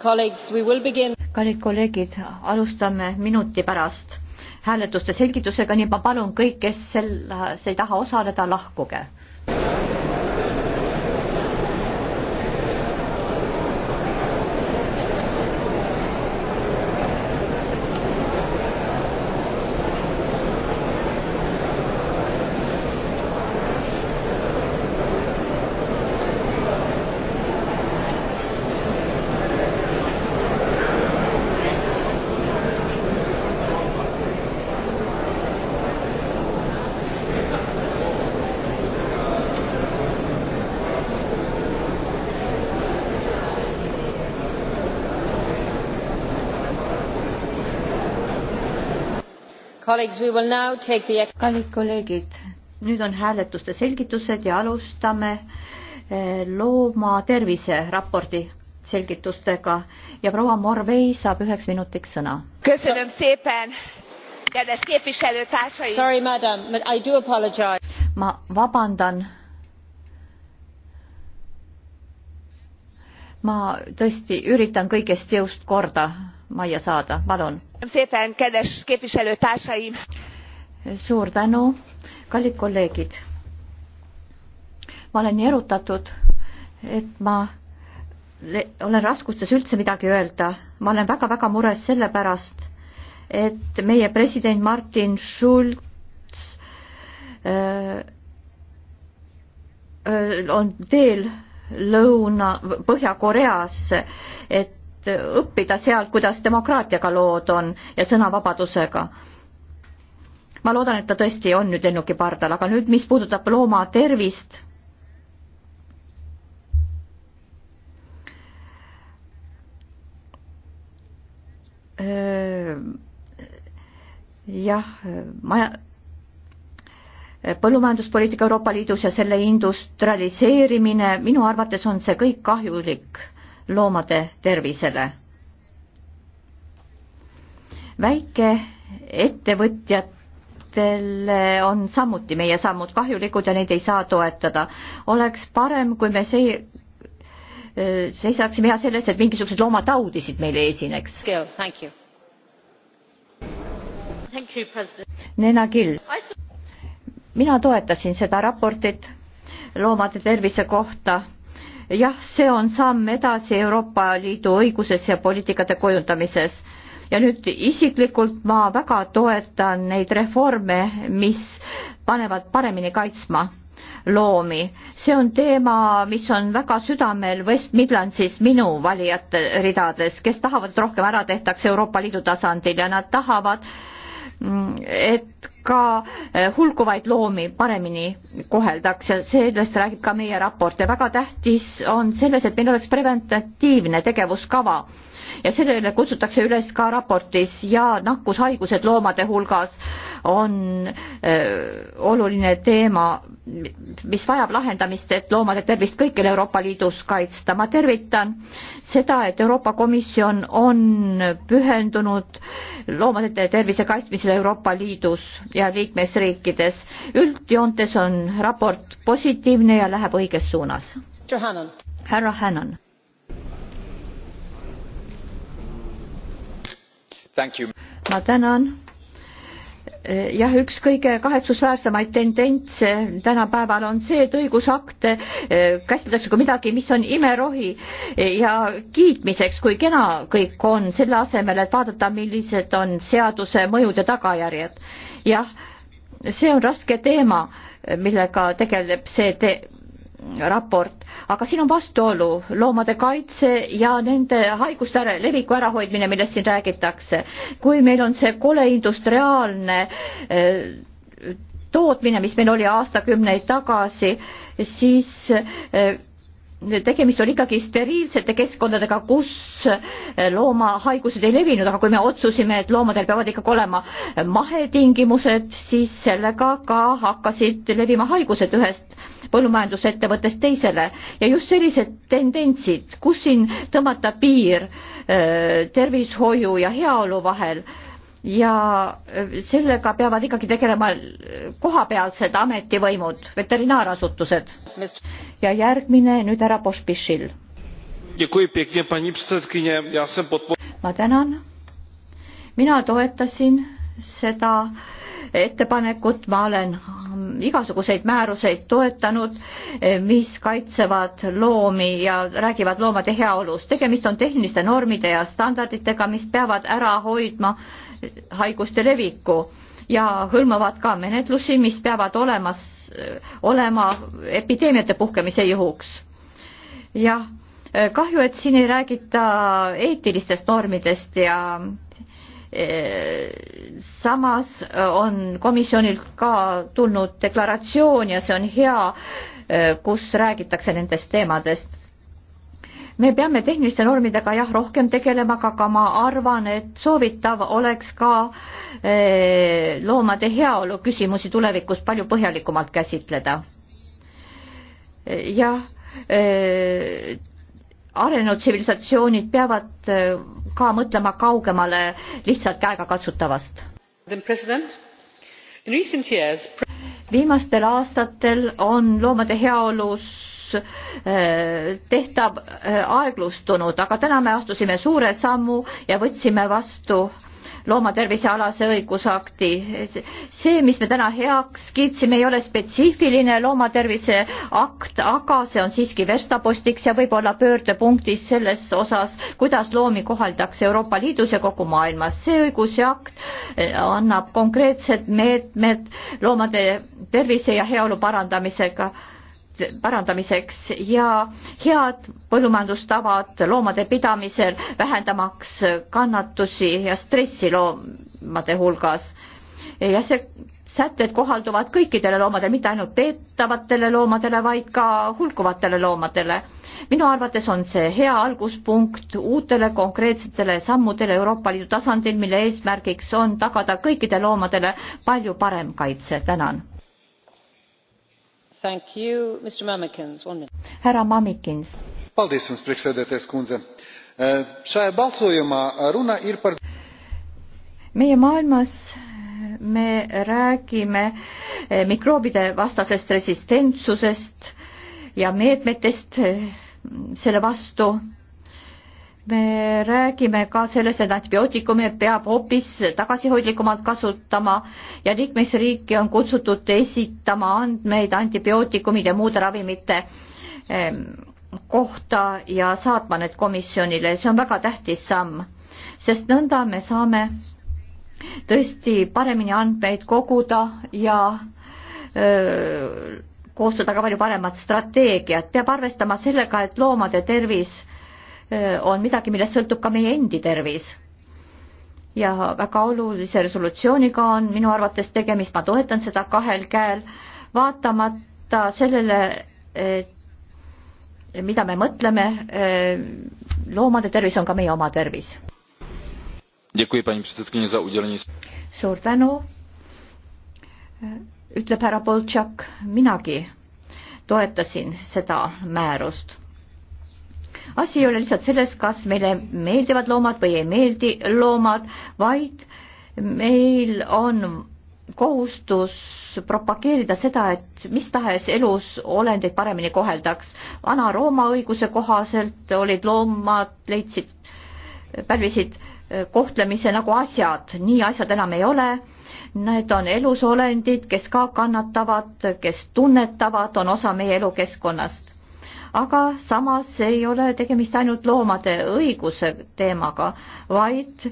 kallid kolleegid, alustame minuti pärast hääletuste selgitusega, nii et ma palun kõik, kes selles äh, ei taha osaleda, lahkuge. kallid kolleegid, nüüd on hääletuste selgitused ja alustame eh, loomatervise raporti selgitustega ja proua Morvei saab üheks minutiks sõna. ma vabandan. ma tõesti üritan kõigest jõust korda majja saada, palun suur tänu, kallid kolleegid. ma olen nii erutatud, et ma olen raskustes üldse midagi öelda, ma olen väga-väga mures selle pärast, et meie president Martin Schulz öö, äh, öö, äh, on teel lõuna, Põhja-Koreasse, et õppida sealt, kuidas demokraatiaga lood on ja sõnavabadusega. ma loodan, et ta tõesti on nüüd lennuki pardal, aga nüüd, mis puudutab looma tervist, jah, maja, põllumajanduspoliitika Euroopa Liidus ja selle industrialiseerimine, minu arvates on see kõik kahjulik loomade tervisele. väikeettevõtjatele on samuti meie sammud kahjulikud ja neid ei saa toetada. oleks parem, kui me see seisaksime hea selles, et mingisuguseid loomataudisid meil ei esineks. Nena Kill, mina toetasin seda raportit loomade tervise kohta jah, see on samm edasi Euroopa Liidu õiguses ja poliitikate kujundamises. ja nüüd isiklikult ma väga toetan neid reforme, mis panevad paremini kaitsma loomi. see on teema, mis on väga südamel West Midlandsis minu valijate ridades, kes tahavad, et rohkem ära tehtaks Euroopa Liidu tasandil ja nad tahavad äh, et ka eh, hulkuvaid loomi paremini koheldaks ja sellest räägib ka meie raport ja väga tähtis on selles, et meil oleks preventatiivne tegevuskava ja sellele kutsutakse üles ka raportis ja nakkushaigused loomade hulgas on öö, äh, oluline teema, mis vajab lahendamist, et loomade tervist kõikjal Euroopa Liidus kaitsta. ma tervitan seda, et Euroopa Komisjon on pühendunud loomade tervise kaitsmisele Euroopa Liidus ja liikmesriikides. üldjoontes on raport positiivne ja läheb õiges suunas. härra Hannan ma tänan. jah, üks kõige kahetsusväärsemaid tendentse tänapäeval on see, et õigusakte eh, käsitletakse kui midagi, mis on imerohi ja kiitmiseks, kui kena kõik on, selle asemel, et vaadata, millised on seaduse mõjud ja tagajärjed. jah, see on raske teema, millega tegeleb see te raport, aga siin on vastuolu loomade kaitse ja nende haiguste ära, leviku ärahoidmine, millest siin räägitakse. kui meil on see kole industriaalne eh, tootmine, mis meil oli aastakümneid tagasi, siis eh, tegemist on ikkagi steriilsete keskkondadega, kus loomahaigused ei levinud, aga kui me otsusime, et loomadel peavad ikkagi olema mahetingimused, siis sellega ka hakkasid levima haigused ühest põllumajandusettevõttest teisele ja just sellised tendentsid, kus siin tõmmata piir äh, tervishoiu ja heaolu vahel ja sellega peavad ikkagi tegelema kohapealsed ametivõimud, veterinaarasutused. ja järgmine nüüd härra Pospišil. ma tänan. mina toetasin seda ettepanekut, ma olen igasuguseid määruseid toetanud, mis kaitsevad loomi ja räägivad loomade heaolust. tegemist on tehniliste normide ja standarditega, mis peavad ära hoidma äh, haiguste leviku ja hõlmavad ka menetlusi, mis peavad olemas olema epideemiate puhkemise juhuks. jah, kahju, et siin ei räägita eetilistest normidest ja e, samas on komisjonilt ka tulnud deklaratsioon ja see on hea, e, kus räägitakse nendest teemadest me peame tehniliste normidega jah, rohkem tegelema, aga ma arvan, et soovitav oleks ka eh, loomade heaolu küsimusi tulevikus palju põhjalikumalt käsitleda. jah, eh, arenenud tsivilisatsioonid peavad eh, ka mõtlema kaugemale lihtsalt käegakatsutavast. viimastel aastatel on loomade heaolus Äh, tehtav äh, aeglustunud, aga täna me astusime suure sammu ja võtsime vastu loomatervisealase õigusakti. see, mis me täna heaks kiitsime, ei ole spetsiifiline loomatervise akt, aga see on siiski verstapostiks ja võib-olla pöördepunktis selles osas, kuidas loomi kohaldatakse Euroopa Liidus ja kogu maailmas. see õigusakt äh, annab konkreetsed meetmed loomade tervise ja heaolu parandamisega parandamiseks ja head põllumajandustavad loomade pidamisel, vähendamaks kannatusi ja stressi loomade hulgas. ja see sätted kohalduvad kõikidele loomadele, mitte ainult peetavatele loomadele, vaid ka hulkuvatele loomadele. minu arvates on see hea alguspunkt uutele konkreetsetele sammudele Euroopa Liidu tasandil, mille eesmärgiks on tagada kõikide loomadele palju parem kaitse. tänan härra Mamikins. Paldies, priekšsēdētājs kundze. Eh, šajā balsojumā runa ir par. meie maailmas me räägime eh, mikroobide vastasest resistentsusest ja meetmetest eh, selle vastu me räägime ka sellest, et antibiootikume peab hoopis tagasihoidlikumalt kasutama ja liikmesriiki on kutsutud esitama andmeid antibiootikumide ja muude ravimite ehm, kohta ja saatma need komisjonile, see on väga tähtis samm, sest nõnda me saame tõesti paremini andmeid koguda ja öö, koostada ka palju paremat strateegiat, peab arvestama sellega, et loomade tervis on midagi, millest sõltub ka meie endi tervis. ja väga olulise resolutsiooniga on minu arvates tegemist, ma toetan seda kahel käel, vaatamata sellele, e, mida me mõtleme, e, loomade tervis on ka meie oma tervis. suur tänu, ütleb härra Boltšak, minagi toetasin seda määrust asi ei ole lihtsalt selles, kas meile meeldivad loomad või ei meeldi loomad, vaid meil on kohustus propageerida seda, et mis tahes elus olendeid paremini koheldaks. Vana-Rooma õiguse kohaselt olid loomad, leidsid, pälvisid eh, kohtlemise nagu asjad, nii asjad enam ei ole. Need on elusolendid, kes ka kannatavad, kes tunnetavad, on osa meie elukeskkonnast aga samas ei ole tegemist ainult loomade õiguse teemaga, vaid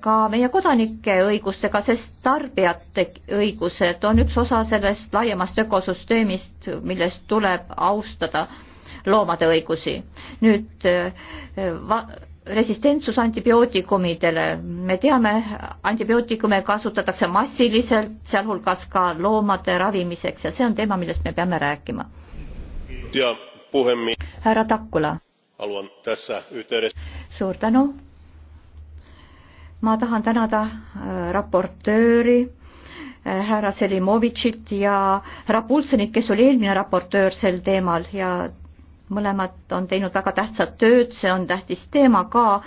ka meie kodanike õigustega, sest tarbijate õigused on üks osa sellest laiemast ökosüsteemist, millest tuleb austada loomade õigusi. nüüd äh, va-, resistentsus antibiootikumidele, me teame, antibiootikume kasutatakse massiliselt, sealhulgas ka loomade ravimiseks ja see on teema, millest me peame rääkima. ja puhemies härra Takula. haluan tässä yhteydessä. suur tänu. ma tahan tänada äh, raportööri äh, härra Selimovitšit ja härra Pultsenit, kes oli eelmine raportöör sel teemal ja mõlemad on teinud väga tähtsat tööd, see on tähtis teema ka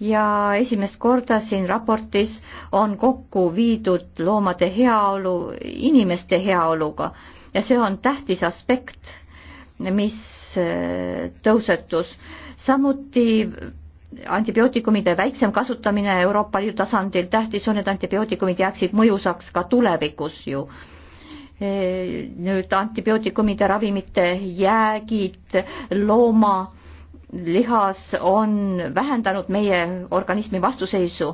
ja esimest korda siin raportis on kokku viidud loomade heaolu inimeste heaoluga ja see on tähtis aspekt mis äh, tõusetus. samuti antibiootikumide väiksem kasutamine Euroopa Liidu tasandil, tähtis on, et antibiootikumid jääksid mõjusaks ka tulevikus ju. Äh, nüüd antibiootikumide, ravimite jäägid, looma lihas on vähendanud meie organismi vastuseisu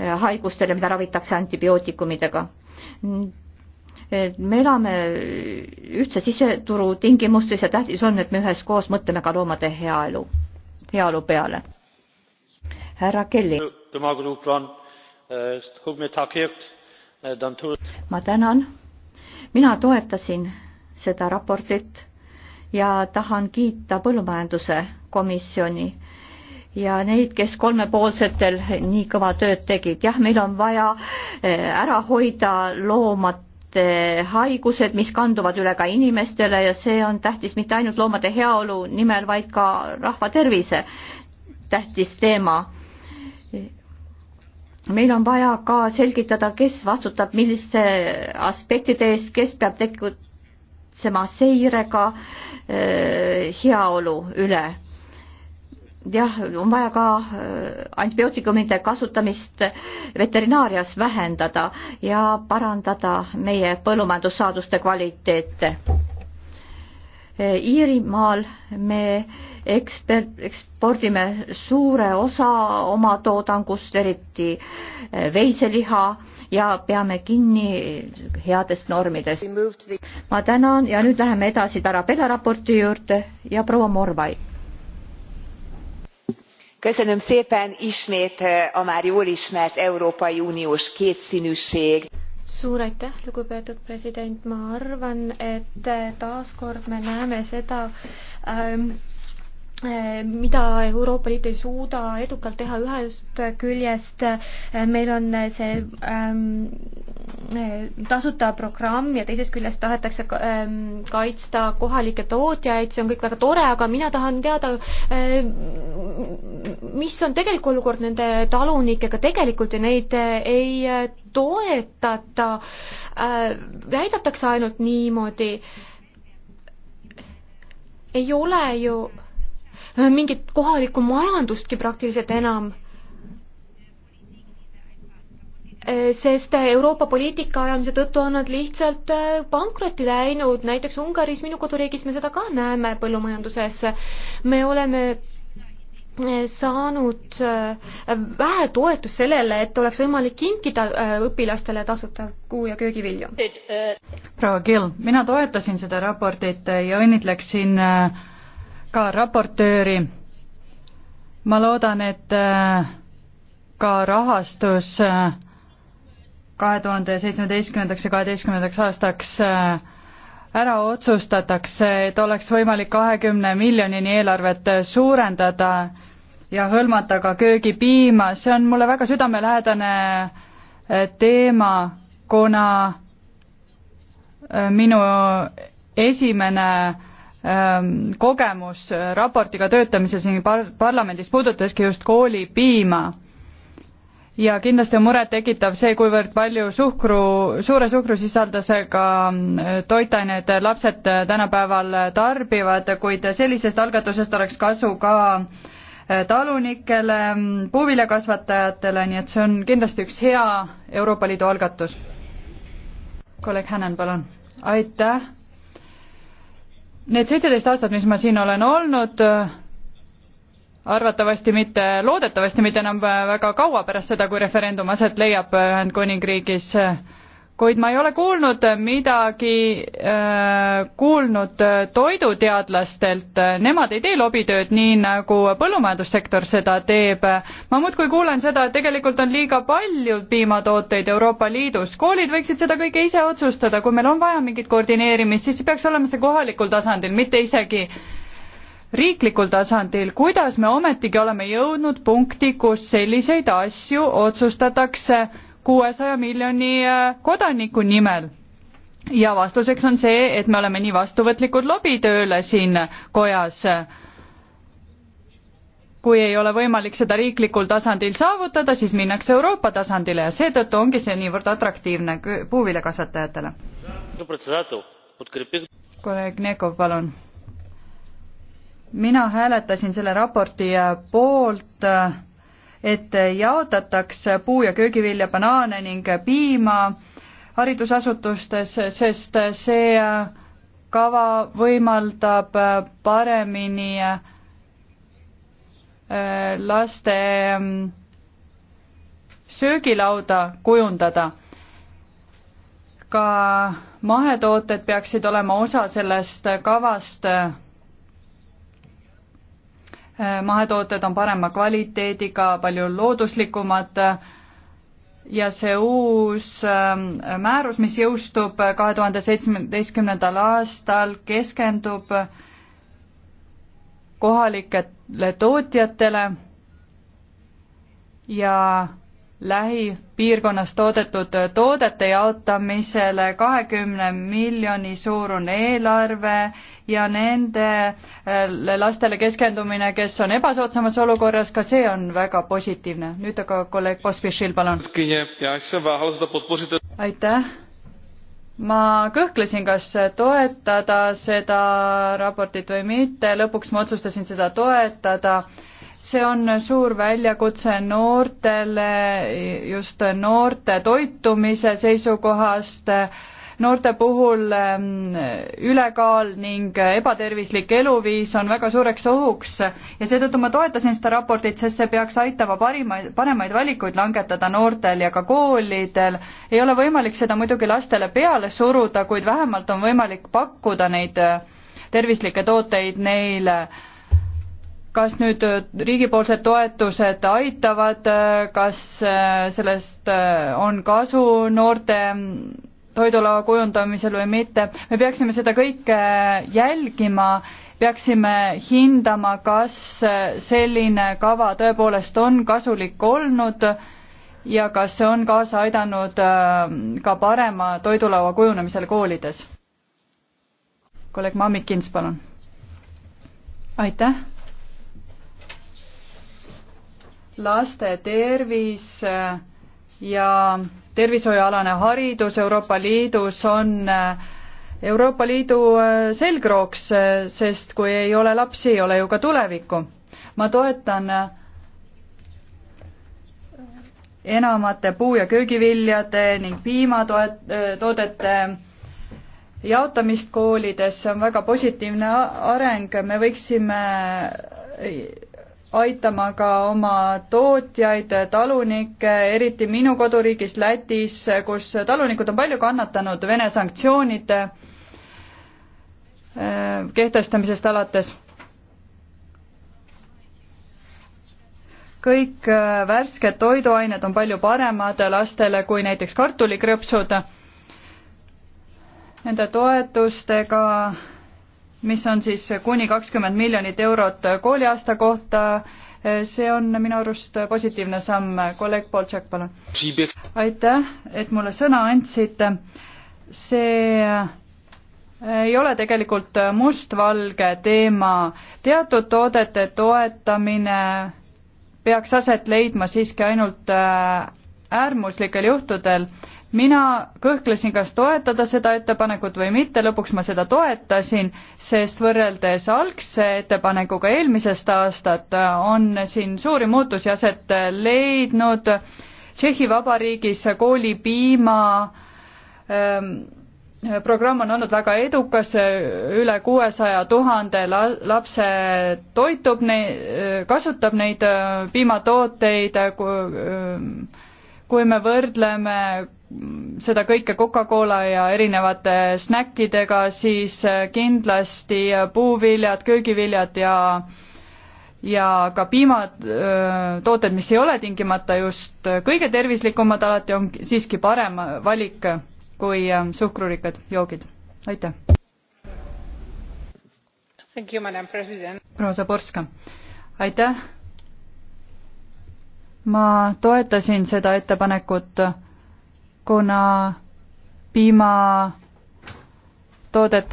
äh, haigustele, mida ravitakse antibiootikumidega me elame ühtse siseturu tingimustes ja tähtis on, et me üheskoos mõtleme ka loomade heaelu, heaolu peale. härra Kelly. ma tänan. mina toetasin seda raportit ja tahan kiita põllumajanduse komisjoni ja neid, kes kolmepoolsetel nii kõva tööd tegid. jah, meil on vaja eh, ära hoida loomad Eh, haigused, mis kanduvad üle ka inimestele ja see on tähtis mitte ainult loomade heaolu nimel, vaid ka rahva tervise tähtis teema. meil on vaja ka selgitada, kes vastutab milliste aspektide eest, kes peab tegutsema seirega eh, heaolu üle jah, on vaja ka äh, antibiootikumide kasutamist veterinaarias vähendada ja parandada meie põllumajandussaaduste kvaliteete. Iirimaal me ekspert, ekspordime suure osa oma toodangust, eriti äh, veiseliha ja peame kinni headest normidest. ma tänan ja nüüd läheme edasi Tarabella raporti juurde ja proua Morvai ismét eh, a már jól ismert európai uniós kétszínűség. suur aitäh lugupeetud president ma arvan et eh, taas kord me näeme seda ähm, Eh, mida Euroopa Liit ei suuda edukalt teha ühest küljest, eh, meil on see ähm, tasuta programm ja teisest küljest tahetakse ka, ähm, kaitsta kohalikke tootjaid, see on kõik väga tore, aga mina tahan teada ähm,, mis on tegelik olukord nende talunikega tegelikult ja neid äh, ei äh, toetata äh,, väidetakse ainult niimoodi. ei ole ju Äh, mingit kohalikku majandustki praktiliselt enam. Äh, sest äh, Euroopa poliitika ajamise tõttu on nad lihtsalt pankrotti läinud, näiteks Ungaris, minu koduriigis me seda ka näeme põllumajanduses. me oleme saanud vähe toetust sellele, et oleks võimalik kinkida õpilastele tasuta kuu- ja köögivilju. proua Kill, mina toetasin seda raportit ja õnnitleksin äh, ka raportööri. ma loodan, et äh, ka rahastus äh, kahe tuhande seitsmeteistkümnendaks ja kaheteistkümnendaks aastaks äh, ära otsustatakse, et oleks võimalik kahekümne miljonini eelarvet suurendada ja hõlmata ka köögipiima, see on mulle väga südamelähedane teema, kuna minu esimene Ähm, kogemus äh, raportiga töötamises siin par-, parlamendis puudutaski just koolipiima. ja kindlasti on murettekitav see, kuivõrd palju suhkru, suure suhkrusisaldusega mm, toitained lapsed äh, tänapäeval äh, tarbivad, kuid sellisest algatusest oleks kasu ka talunikele, mm, puuviljakasvatajatele, nii et see on kindlasti üks hea Euroopa Liidu algatus. kolleeg Hänen, palun. aitäh Need seitseteist aastat, mis ma siin olen olnud, arvatavasti mitte, loodetavasti mitte enam väga kaua pärast seda, kui referendum aset leiab Ühendkuningriigis äh, kuid ma ei ole kuulnud midagi äh,, kuulnud äh, toiduteadlastelt, nemad ei tee lobitööd nii, nagu põllumajandussektor seda teeb. ma muudkui kuulen seda, et tegelikult on liiga palju piimatooteid Euroopa Liidus, koolid võiksid seda kõike ise otsustada, kui meil on vaja mingit koordineerimist, siis peaks olema see kohalikul tasandil, mitte isegi riiklikul tasandil, kuidas me ometigi oleme jõudnud punkti, kus selliseid asju otsustatakse kuuesaja miljoni äh, kodaniku nimel ja vastuseks on see, et me oleme nii vastuvõtlikud lobitööle siin kojas. kui ei ole võimalik seda riiklikul tasandil saavutada, siis minnakse Euroopa tasandile ja seetõttu ongi see niivõrd atraktiivne puuviljakasvatajatele. kolleeg Nekov, palun. mina hääletasin selle raporti poolt äh, et jaotataks puu- ja köögivilja, banaane ning piima haridusasutustes, sest see kava võimaldab paremini äh, laste mm, söögilauda kujundada. ka mahetooted peaksid olema osa sellest kavast mahetooted on parema kvaliteediga, palju looduslikumad ja see uus ähm, määrus, mis jõustub kahe tuhande seitsmeteistkümnendal aastal, keskendub kohalikele tootjatele ja lähipiirkonnas toodetud toodete jaotamisele kahekümne miljoni suurune eelarve ja nendele lastele keskendumine, kes on ebasoodsamas olukorras, ka see on väga positiivne. nüüd aga kolleeg Pospišil, palun. aitäh. ma kõhklesin, kas toetada seda raportit või mitte, lõpuks ma otsustasin seda toetada see on suur väljakutse noortele, just noorte toitumise seisukohast, noorte puhul ehm, ülekaal ning ebatervislik eluviis on väga suureks ohuks ja seetõttu ma toetasin seda raportit, sest see peaks aitama parimaid, paremaid valikuid langetada noortel ja ka koolidel. ei ole võimalik seda muidugi lastele peale suruda, kuid vähemalt on võimalik pakkuda neid eh, tervislikke tooteid neile kas nüüd äh, riigipoolsed toetused aitavad, äh, kas äh, sellest on kasu noorte mm, toidulaua kujundamisel või mitte, me peaksime seda kõike jälgima, peaksime hindama, kas selline kava tõepoolest on kasulik olnud ja kas see on kaasa aidanud ka parema toidulaua kujunemisel koolides. kolleeg Mamikins, palun. aitäh laste tervis äh, ja tervishoiualane haridus Euroopa Liidus on äh, Euroopa Liidu äh, selgrooks, sest kui ei ole lapsi, ei ole ju ka tulevikku. ma toetan enamate puu- ja köögiviljade ning piimatoodete jaotamist koolides, see on väga positiivne areng, me võiksime aitama ka oma tootjaid, talunikke, eriti minu koduriigis Lätis, kus talunikud on palju kannatanud Vene sanktsioonide äh, kehtestamisest alates kõik äh, värsked toiduained on palju paremad lastele kui näiteks kartulikrõpsud. Nende toetustega mis on siis kuni kakskümmend miljonit eurot kooliaasta kohta. see on minu arust positiivne samm. kolleeg Boltšak, palun. aitäh, et mulle sõna andsite. see ei ole tegelikult mustvalge teema. teatud toodete toetamine peaks aset leidma siiski ainult äh, äärmuslikel juhtudel mina kõhklesin, kas toetada seda ettepanekut või mitte, lõpuks ma seda toetasin, sest võrreldes algse ettepanekuga eelmisest aastat äh, on siin suuri muutusi aset leidnud. Tšehhi Vabariigis koolipiima ähm, programm on olnud väga edukas, üle kuuesaja tuhande lapse toitub, kasutab neid äh, piimatooteid ähm, kui me võrdleme seda kõike Coca-Cola ja erinevate snäkkidega, siis kindlasti puuviljad, köögiviljad ja ja ka piimatooted, mis ei ole tingimata just kõige tervislikumad, alati on siiski parem valik kui suhkrurikkad joogid. aitäh! proua Zaborska, aitäh! ma toetasin seda ettepanekut, kuna piimatoodete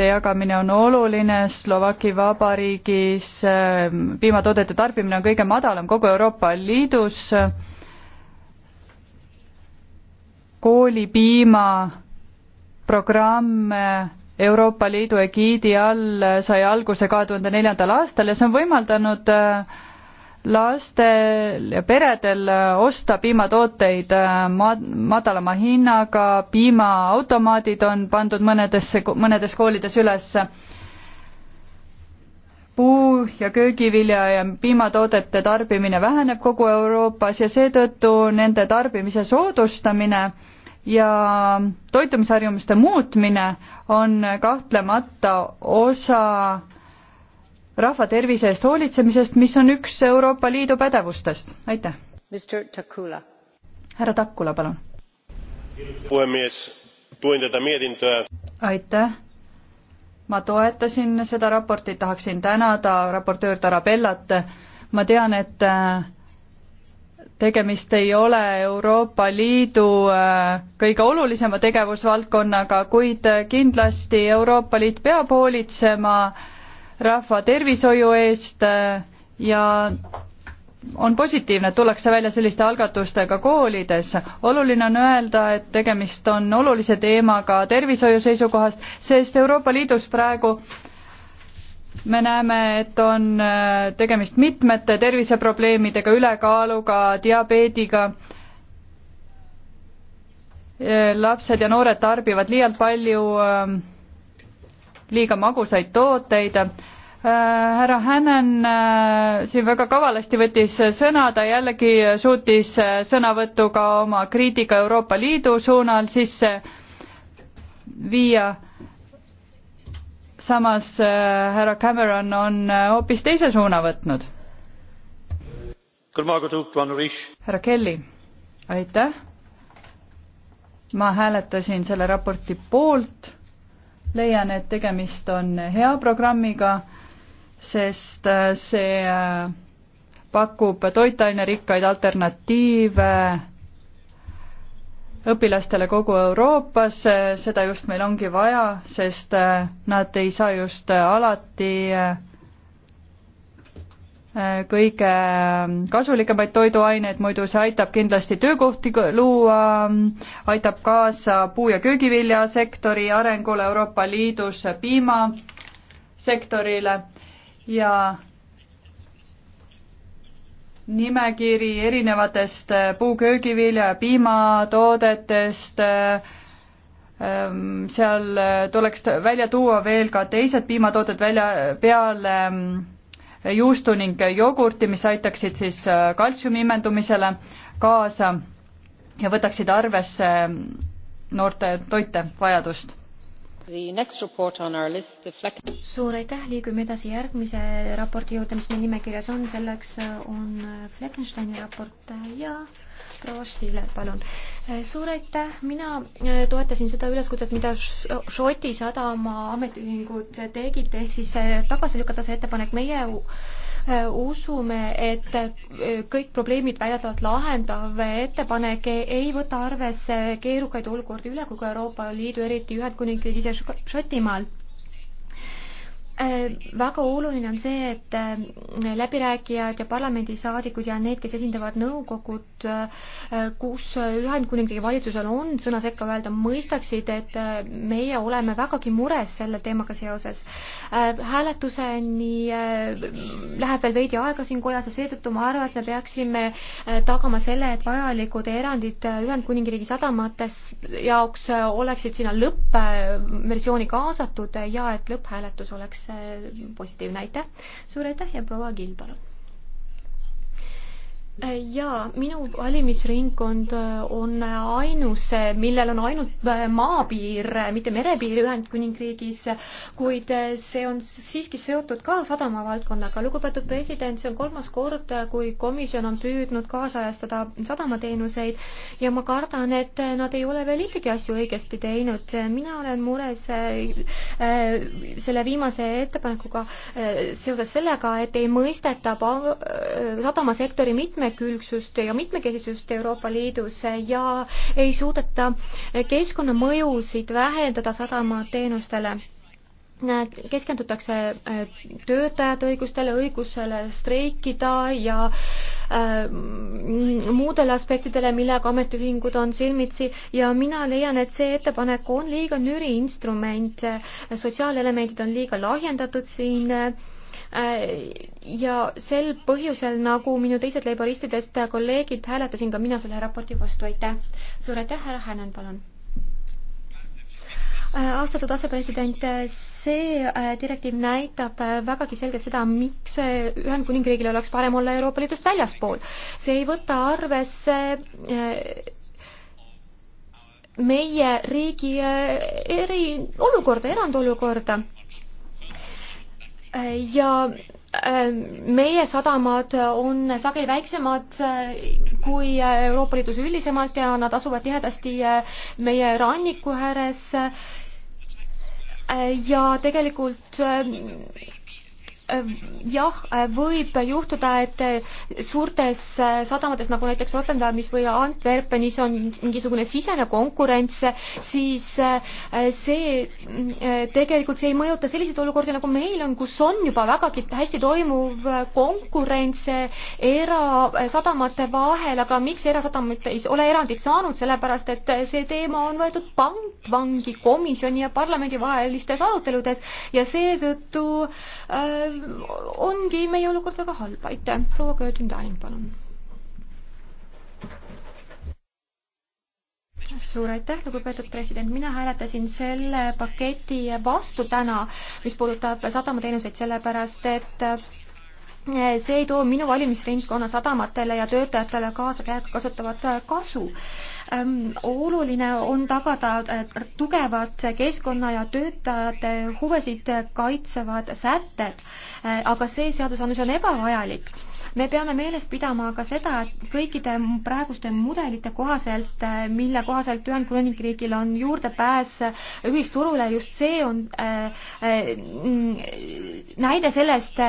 jagamine on oluline, Slovaki Vabariigis ähm, piimatoodete tarbimine on kõige madalam kogu Euroopa Liidus, koolipiima programm Euroopa Liidu egiidi all sai alguse kahe tuhande neljandal aastal ja see on võimaldanud äh, lastel ja peredel osta piimatooteid äh, ma-, madalama hinnaga, piimaautomaadid on pandud mõnedesse, mõnedes koolides üles, puu- ja köögivilja ja piimatoodete tarbimine väheneb kogu Euroopas ja seetõttu nende tarbimise soodustamine ja toitumisharjumuste muutmine on kahtlemata osa rahva tervise eest hoolitsemisest, mis on üks Euroopa Liidu pädevustest. aitäh. härra Takkula, palun. aitäh. ma toetasin seda raportit, tahaksin tänada raportöör Tarabellat. ma tean, et äh, tegemist ei ole Euroopa Liidu äh, kõige olulisema tegevusvaldkonnaga, kuid kindlasti Euroopa Liit peab hoolitsema äh, rahva tervishoiu eest äh, ja on positiivne, et tullakse välja selliste algatustega koolides. oluline on öelda, et tegemist on olulise teemaga tervishoiu seisukohast, sest Euroopa Liidus praegu me näeme, et on äh, tegemist mitmete terviseprobleemidega, ülekaaluga, diabeediga. Äh, lapsed ja noored tarbivad liialt palju ähm, liiga magusaid tooteid. Äh, härra Hänen äh, siin väga kavalasti võttis sõna, ta jällegi suutis äh, sõnavõttu ka oma kriitika Euroopa Liidu suunal sisse viia samas äh, härra Cameron on äh, hoopis teise suuna võtnud. härra Kelly, aitäh. ma hääletasin selle raporti poolt leian, et tegemist on hea programmiga, sest äh, see äh, pakub toitainerikkaid alternatiive äh, õpilastele kogu Euroopas, seda just meil ongi vaja, sest nad ei saa just alati kõige kasulikemaid toiduaineid, muidu see aitab kindlasti töökohti luua, aitab kaasa puu- ja köögiviljasektori arengule Euroopa Liidus, piimasektorile ja nimekiri erinevatest puu-, köögivilja ja piimatoodetest, ähm, seal tuleks välja tuua veel ka teised piimatooted välja, peale ähm, juustu ning jogurti, mis aitaksid siis äh, kaltsiumi imendumisele kaasa ja võtaksid arvesse ähm, noorte toitevajadust. suur aitäh, liigume edasi järgmise raporti juurde, mis meil nimekirjas on, selleks äh, on Fleckensteini raport äh, ja proua Stiiler, palun. Äh, suur aitäh, mina äh, toetasin seda üleskutset, mida Šoti sadama ametiühingud tegid, ehk siis äh, tagasi lükata see ettepanek meie usume, et kõik probleemid väidetavalt lahendav ettepanek ei võta arvesse keerukaid olukordi üle kogu Euroopa Liidu, eriti Ühendkuningriigis ja Šotimaal väga oluline on see, et läbirääkijad ja parlamendisaadikud ja need, kes esindavad nõukogud, riigid, äh, kus Ühendkuningriigi valitsusel on sõna sekka öelda, mõistaksid, et äh, meie oleme vägagi mures selle teemaga seoses. Äh, hääletuseni läheb veel veidi aega siin kojas ja seetõttu ma arvan, et me peaksime tagama selle, et vajalikud erandid Ühendkuningriigi sadamates jaoks oleksid sinna lõppversiooni kaasatud ja et lõpphääletus oleks positiivne, aitäh! suur aitäh ja proua Kill, palun! Äh, jaa, minu valimisringkond äh, on ainus, äh, millel on ainult maapiir, mitte merepiir Ühendkuningriigis, kuid see on siiski seotud ka sadamavaldkonnaga. lugupeetud president, see on kolmas kord, kui komisjon on püüdnud kaasajastada sadamateenuseid ja ma kardan, et nad ei ole veel ikkagi asju õigesti teinud. mina olen mures selle viimase ettepanekuga seoses sellega, et ei mõisteta sadamasektori mitme mitmekülgsust ja mitmekesisust Euroopa Liidus ja ei suudeta keskkonnamõjusid vähendada sadamateenustele keskendutakse äh, töötajate õigustele, õigusele streikida ja äh, muudele aspektidele, millega ametiühingud on silmitsi ja mina leian, et see ettepanek on liiga nüri instrument, sotsiaalelemendid on liiga lahjendatud siin äh, Äh, ja sel põhjusel, nagu minu teised leiboristidest kolleegid, hääletasin ka mina selle raporti vastu, aitäh. suur aitäh, härra Hänen, palun. Äh, austatud asepresident, see äh, direktiiv näitab vägagi selgelt seda, miks Ühendkuningriigil oleks parem olla Euroopa Liidust väljaspool. see ei võta arvesse meie riigi eriolukorda, erandolukorda ja ähm, meie sadamad on sageli väiksemad äh, kui äh, Euroopa Liidus üldisemalt ja nad asuvad tihedasti äh, meie ranniku ääres ja tegelikult ähm, Äh, jah, äh, võib juhtuda, et äh, suurtes sadamates nagu näiteks Rotterdamis või Antwerpenis on mingisugune sisene konkurents, siis see tegelikult see ei mõjuta selliseid olukordi, nagu meil on, kus on juba vägagi hästi toimuv konkurents erasadamate vahel, aga miks erasadamad ei ole erandit saanud, sellepärast et see teema on võetud pantvangi komisjoni ja parlamendi vahelistes aruteludes ja seetõttu äh, ongi meie olukord väga halb, aitäh, proua Köötin-Taling, palun. suur aitäh, lugupeetud president, mina hääletasin selle paketi vastu täna, mis puudutab sadamateenuseid, sellepärast et see ei too minu valimisringkonna sadamatele ja töötajatele kaasa käegakasutavat äh, kasu. Ähm, oluline on tagada tugevad keskkonna ja töötajate huvesid kaitsevad sätted, äh, aga see seadusandlus on ebavajalik me peame meeles pidama ka seda, et kõikide praeguste mudelite kohaselt, äh, mille kohaselt Ühendkuningriigil on juurdepääs ühisturule, just see on äh, äh, näide sellest,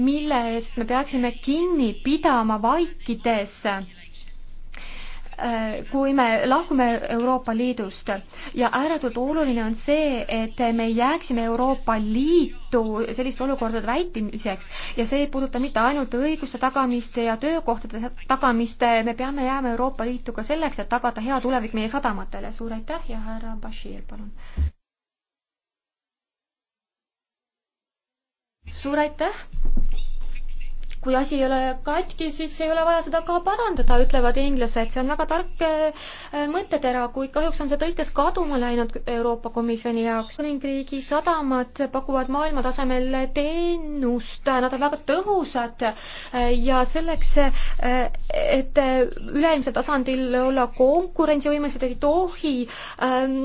millest me peaksime kinni pidama vaikides Äh, kui me lahkume Euroopa Liidust ja ääretult oluline on see, et me jääksime Euroopa Liitu selliste olukordade vältimiseks ja see ei puuduta mitte ainult õiguste tagamist ja töökohtade tagamist, me peame jääma Euroopa Liitu ka selleks, et tagada hea tulevik meie sadamatele. suur aitäh ja härra Bashir, palun. suur aitäh kui asi ei ole katki, siis ei ole vaja seda ka parandada, ütlevad inglased, see on väga tark äh, mõttetera, kuid kahjuks on see tõlkes kaduma läinud Euroopa Komisjoni jaoks. kuningriigi sadamad pakuvad maailma tasemel teenust, nad on väga tõhusad äh, ja selleks, äh, et üleilmsel tasandil olla konkurentsivõimelised, ei tohi ähm,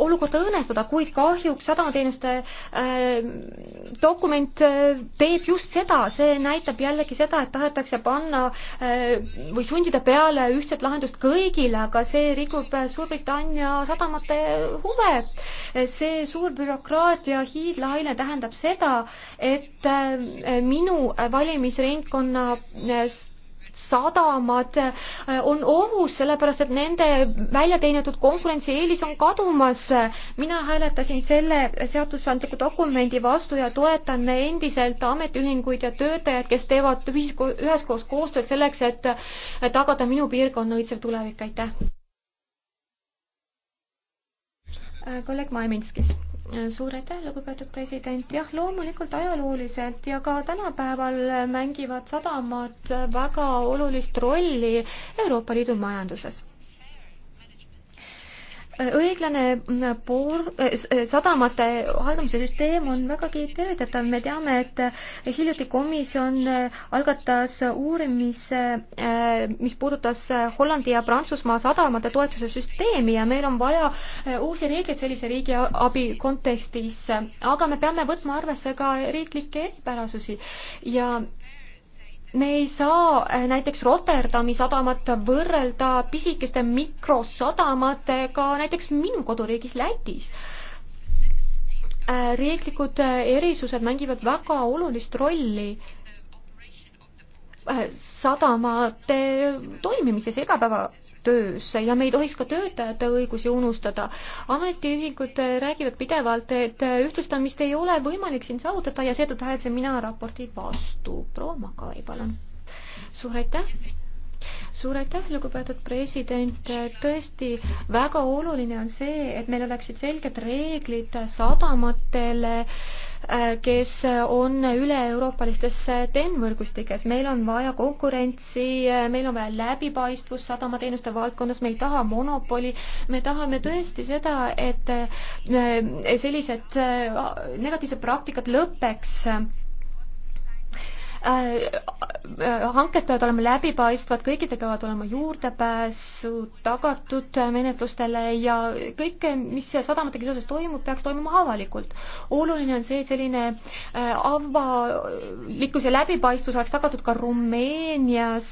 olukorda õõnestada, kuid kahjuks sadamateenuste dokument teeb just seda, see näitab näitab jällegi seda, et tahetakse panna äh, või sundida peale ühtset lahendust kõigile, aga see rikub äh, Suurbritannia sadamate huve. see suur bürokraatia hiidlaine tähendab seda, et äh, minu valimisringkonnas sadamad äh, on ohus, sellepärast et nende välja teenitud konkurentsieelis on kadumas. mina hääletasin selle seadusandliku dokumendi vastu ja toetan endiselt ametiühinguid ja töötajaid, kes teevad ühisko-, üheskoos koostööd selleks, et tagada minu piirkonna õitsev tulevik, aitäh! Äh, kolleeg Maiminskis suur aitäh, lugupeetud president, jah, loomulikult ajalooliselt ja ka tänapäeval mängivad sadamad väga olulist rolli Euroopa Liidu majanduses õiglane mm, por-, eh, eh, sadamate haldamise süsteem on vägagi tervitatav, me teame, et eh, hiljuti komisjon algatas uurimise, mis puudutas Hollandi ja Prantsusmaa sadamate toetuse süsteemi ja meil on vaja uusi reegleid sellise riigiabi kontekstis, aga me peame võtma arvesse ka riiklikke eripärasusi ja me ei saa eh, näiteks Rotterdami sadamat võrrelda pisikeste mikrosadamatega näiteks minu koduriigis Lätis. Eh, riiklikud eh, erisused mängivad väga olulist rolli sadamate toimimises igapäeva töös ja me ei tohiks ka töötajate õigusi unustada. ametiühingud räägivad pidevalt, et ühtlustamist ei ole võimalik siin saavutada ja seetõttu hääldasin mina raporti vastu. proua Makari, palun. suur aitäh suur aitäh, lugupeetud president, tõesti väga oluline on see, et meil oleksid selged reeglid sadamatele äh, Äh, kes on üle-euroopalistes TEN-võrgustikes. meil on vaja konkurentsi, äh, meil on vaja läbipaistvust sadamateenuste valdkonnas, me ei taha monopoli, me tahame tõesti seda, et äh, sellised negatiivsed praktikad lõpeks Äh, äh, hanked peavad olema läbipaistvad, kõikidel peavad olema juurdepääsu tagatud menetlustele ja kõike, mis sadamatega seoses toimub, peaks toimuma avalikult. oluline on see, et selline äh, avalikkus ja läbipaistvus oleks tagatud ka Rumeenias,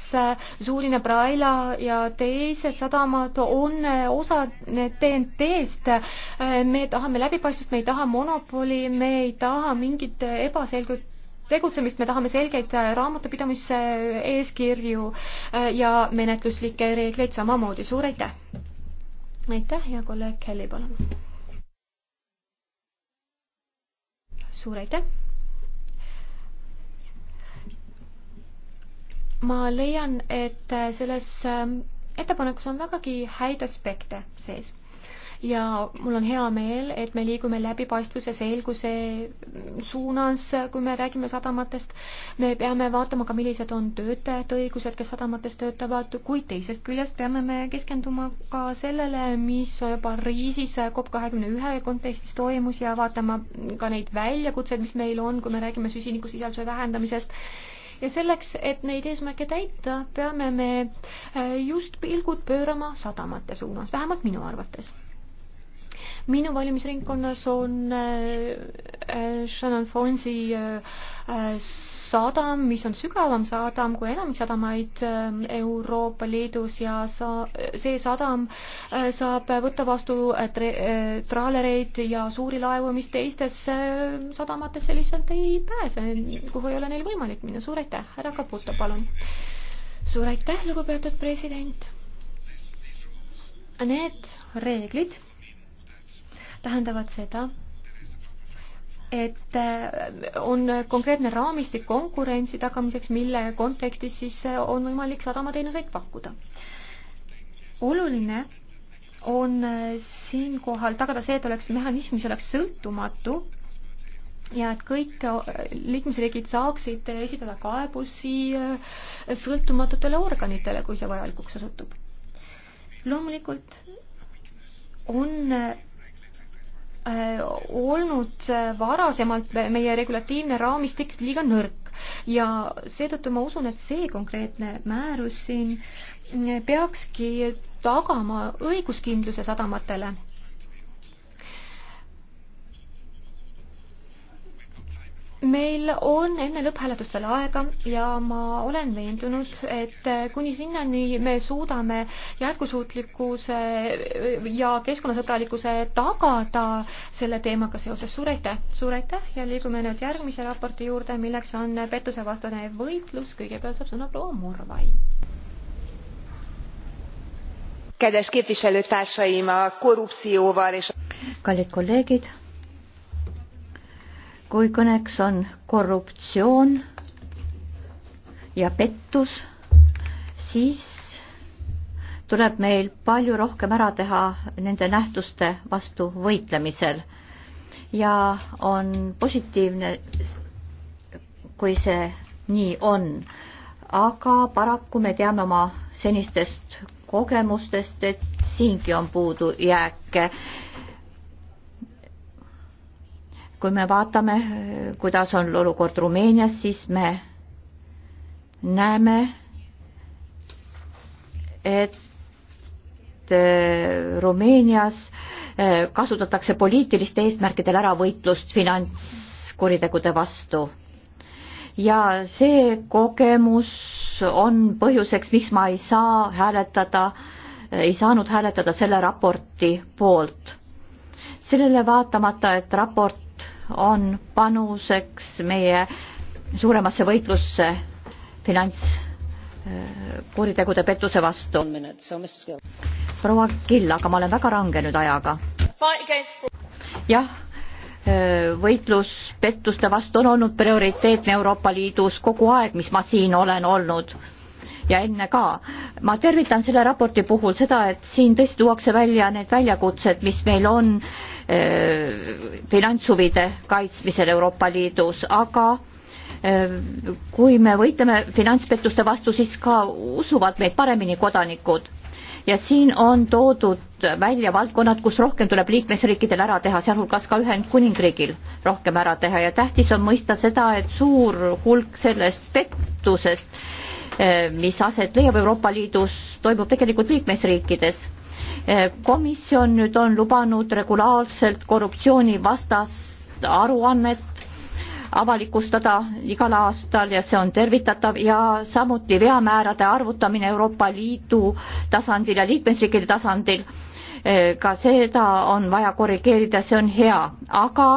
Suuline Braila ja teised sadamad on osa TNT-st. me tahame läbipaistvust, me ei taha monopoli, me ei taha mingit ebaselgut tegutsemist, me tahame selgeid äh, raamatupidamise äh, eeskirju äh, ja menetluslikke reegleid samamoodi, suur aitäh! aitäh, hea kolleeg Kelly, palun! suur aitäh! ma leian, et selles ähm, ettepanekus on vägagi häid aspekte sees ja mul on hea meel, et me liigume läbipaistvuse, selguse suunas, kui me räägime sadamatest. me peame vaatama ka, millised on töötajate õigused, kes sadamates töötavad, kuid teisest küljest peame me keskenduma ka sellele, mis Pariisis COP kahekümne ühe kontekstis toimus ja vaatama ka neid väljakutseid, mis meil on, kui me räägime süsinikusisalduse vähendamisest ja selleks, et neid eesmärke täita, peame me just pilgud pöörama sadamate suunas, vähemalt minu arvates minu valimisringkonnas on äh, äh, Shannon Fonsi äh, sadam, mis on sügavam sadam kui enamik sadamaid Euroopa Liidus ja sa, see sadam saab võtta vastu tre, traalereid ja suuri laevu, mis teistesse sadamatesse lihtsalt ei pääse, kuhu ei ole neil võimalik minna. suur aitäh, härra Kaputa, palun. suur aitäh, lugupeetud president. Need reeglid tähendavad seda, et äh, on konkreetne raamistik konkurentsi tagamiseks, mille kontekstis siis äh, on võimalik sadamateenuseid pakkuda. oluline on äh, siinkohal tagada see, et oleks mehhanism, mis oleks sõltumatu ja et kõik liikmesriigid saaksid esitada kaebusi sõltumatutele organitele, kui see vajalikuks osutub. loomulikult on Äh, olnud äh, varasemalt meie regulatiivne raamistik liiga nõrk ja seetõttu ma usun, et see konkreetne määrus siin peakski tagama õiguskindluse sadamatele meil on enne lõpphääletustele aega ja ma olen veendunud, et kuni sinnani me suudame jätkusuutlikkuse ja keskkonnasõbralikkuse tagada selle teemaga seoses. suur aitäh, suur aitäh ja liigume nüüd järgmise raporti juurde, milleks on pettusevastane võitlus. kõigepealt saab sõna proua Murvai. kallid kolleegid kui kõneks on korruptsioon ja pettus, siis tuleb meil palju rohkem ära teha nende nähtuste vastu võitlemisel. ja on positiivne, kui see nii on, aga paraku me teame oma senistest kogemustest, et siingi on puudujääke kui me vaatame, kuidas on olukord Rumeenias, siis me näeme, et äh, Rumeenias äh, kasutatakse poliitiliste eesmärkidel ära võitlust finantskuritegude vastu. ja see kogemus on põhjuseks, miks ma ei saa hääletada, ei saanud hääletada selle raporti poolt. sellele vaatamata, et raport on panuseks meie suuremasse võitlusse finantskuritegude pettuse vastu. proua Kill, aga ma olen väga range nüüd ajaga. jah, võitlus pettuste vastu on olnud prioriteetne Euroopa Liidus kogu aeg, mis ma siin olen olnud ja enne ka. ma tervitan selle raporti puhul seda, et siin tõesti tuuakse välja need väljakutsed, mis meil on äh, Äh, finantshuvide kaitsmisel Euroopa Liidus, aga äh, kui me võitleme finantspettuste vastu, siis ka usuvad meid paremini kodanikud. ja siin on toodud välja valdkonnad, kus rohkem tuleb liikmesriikidel ära teha, sealhulgas ka Ühendkuningriigil rohkem ära teha ja tähtis on mõista seda, et suur hulk sellest pettusest, äh, mis aset leiab Euroopa Liidus, toimub tegelikult liikmesriikides Eh, komisjon nüüd on lubanud regulaarselt korruptsioonivastast aruannet avalikustada igal aastal ja see on tervitatav ja samuti veamäärade arvutamine Euroopa Liidu tasandil ja liikmesriikide tasandil. Eh, ka seda on vaja korrigeerida, see on hea, aga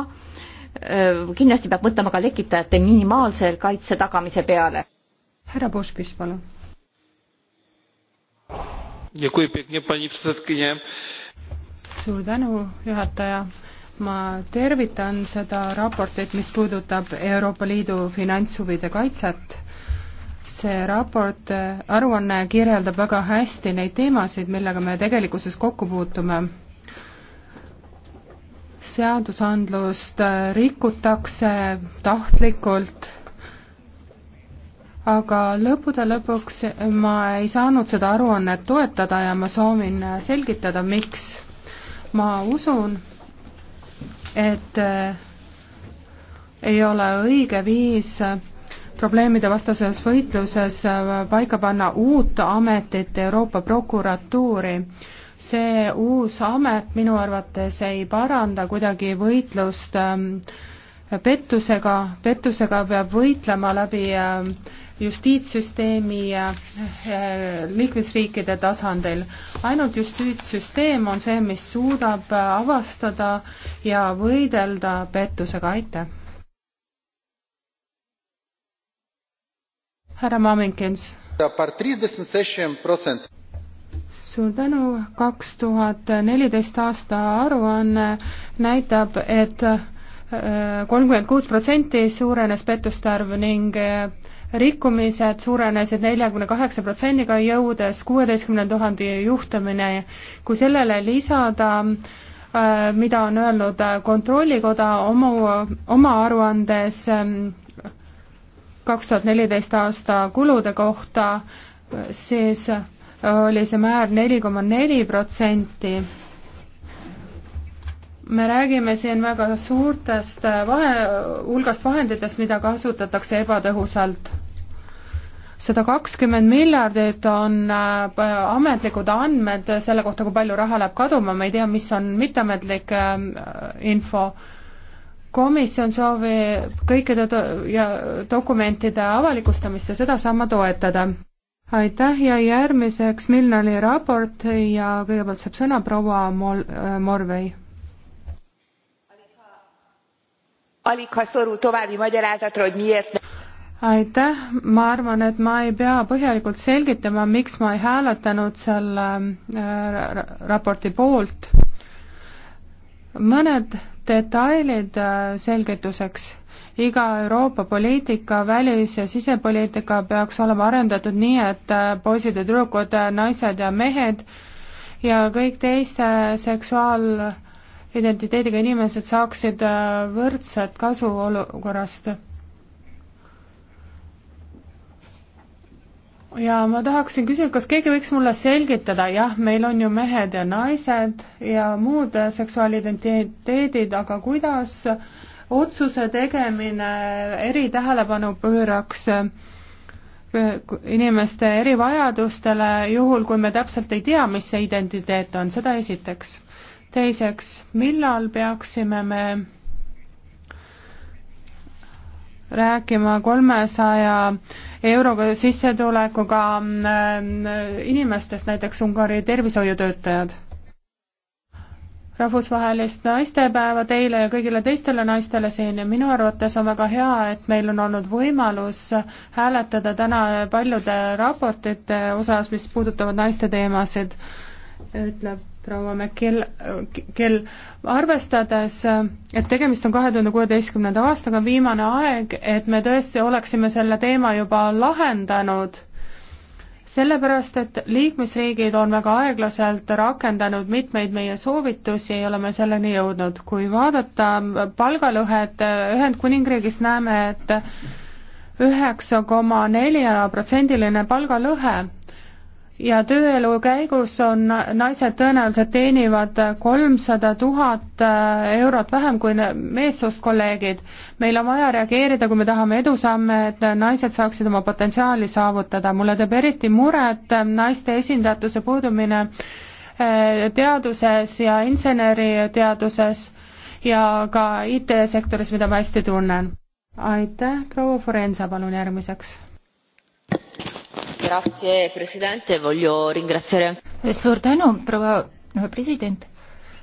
eh, kindlasti peab mõtlema ka lekitajate minimaalse kaitse tagamise peale. härra Pospis, palun paní předsedkyně. suur tänu, juhataja. ma tervitan seda raportit, mis puudutab Euroopa Liidu finantshuvide kaitset. see raport, eh, aruanne kirjeldab väga hästi neid teemasid, millega me tegelikkuses kokku puutume seadusandlust eh, rikutakse tahtlikult aga lõppude lõpuks ma ei saanud seda aruannet toetada ja ma soovin selgitada, miks. ma usun, et äh, ei ole õige viis probleemide vastases võitluses äh, paika panna uut ametit Euroopa prokuratuuri. see uus amet minu arvates ei paranda kuidagi võitlust ähm, pettusega, pettusega peab võitlema läbi äh, justiitssüsteemi äh, liikmesriikide tasandil. ainult justiitssüsteem on see, mis suudab äh, avastada ja võidelda pettusega, aitäh! härra Maminkins. suur tänu, kaks tuhat neliteist aasta aruanne näitab, et äh, kolmkümmend kuus protsenti suurenes pettuste arv ning rikkumised suurenesid neljakümne kaheksa protsendiga, jõudes kuueteistkümne tuhande juhtumini. kui sellele lisada äh, mida on öelnud äh, Kontrollikoda oma, oma aruandes ähm, kaks tuhat neliteist aasta kulude kohta, siis äh, oli see määr neli koma neli protsenti. me räägime siin väga suurtest vahe, hulgast vahenditest, mida kasutatakse ebatõhusalt sada kakskümmend miljardit on äh, ametlikud andmed selle kohta, kui palju raha läheb kaduma, me ei tea, mis on mitteametlik äh, info. komisjon soovib kõikide do ja dokumentide avalikustamist ja sedasama toetada. aitäh ja järgmiseks Milnali raport ja kõigepealt saab sõna proua Mol-, äh, Morvei alig ha szorul további magyarázatra hogy miért aitäh, ma arvan, et ma ei pea põhjalikult selgitama, miks ma ei hääletanud selle äh, raporti poolt. mõned detailid äh, selgituseks. iga Euroopa poliitika, välis- ja sisepoliitika peaks olema arendatud nii, et äh, poisid ja tüdrukud, naised ja mehed ja kõik teiste seksuaalidentiteediga inimesed saaksid võrdset kasu olukorrast ja ma tahaksin küsida, kas keegi võiks mulle selgitada, jah, meil on ju mehed ja naised ja muud seksuaalidentiteedid, aga kuidas otsuse tegemine eritähelepanu pööraks äh, inimeste erivajadustele, juhul kui me täpselt ei tea, mis see identiteet on, seda esiteks. teiseks, millal peaksime me rääkima kolmesaja 300 euroga sissetulekuga mm, mm, inimestest, näiteks Ungari tervishoiutöötajad. rahvusvahelist naistepäeva teile ja kõigile teistele naistele siin ja minu arvates on väga hea, et meil on olnud võimalus hääletada täna paljude raportite osas, mis puudutavad naiste teemasid, ütleb proua Mekel-, äh, Kell, arvestades, et tegemist on kahe tuhande kuueteistkümnenda aastaga, on viimane aeg, et me tõesti oleksime selle teema juba lahendanud, sellepärast et liikmesriigid on väga aeglaselt rakendanud mitmeid meie soovitusi, ei ole me selleni jõudnud. kui vaadata palgalõhet Ühendkuningriigis, näeme, et üheksa koma nelja protsendiline palgalõhe ja tööelu käigus on naised tõenäoliselt teenivad kolmsada tuhat äh, eurot vähem kui meessoost kolleegid. meil on vaja reageerida, kui me tahame edusamme, et naised saaksid oma potentsiaali saavutada. mulle teeb eriti muret äh, naiste esindatuse puudumine äh, teaduses ja inseneriteaduses ja ka IT-sektoris, mida ma hästi tunnen. aitäh, proua Forenza, palun järgmiseks Eh, suur tänu, proua president